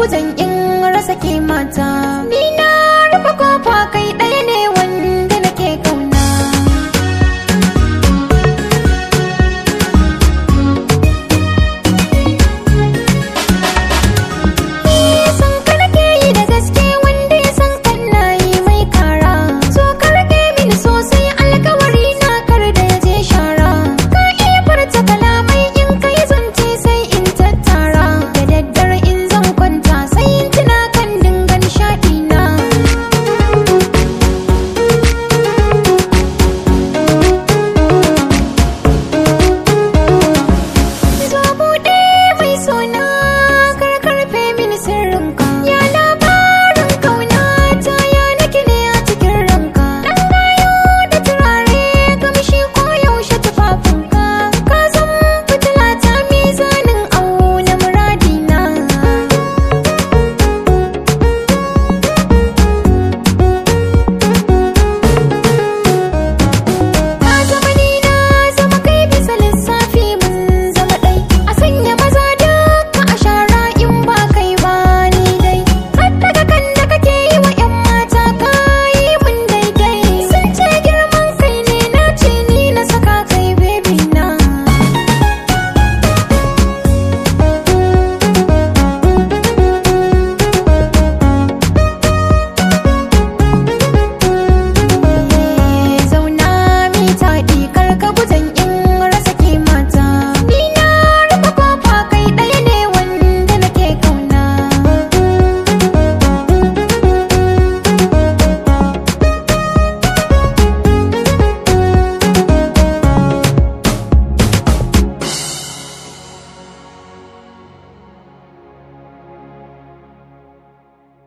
gudun in rasa ke mata.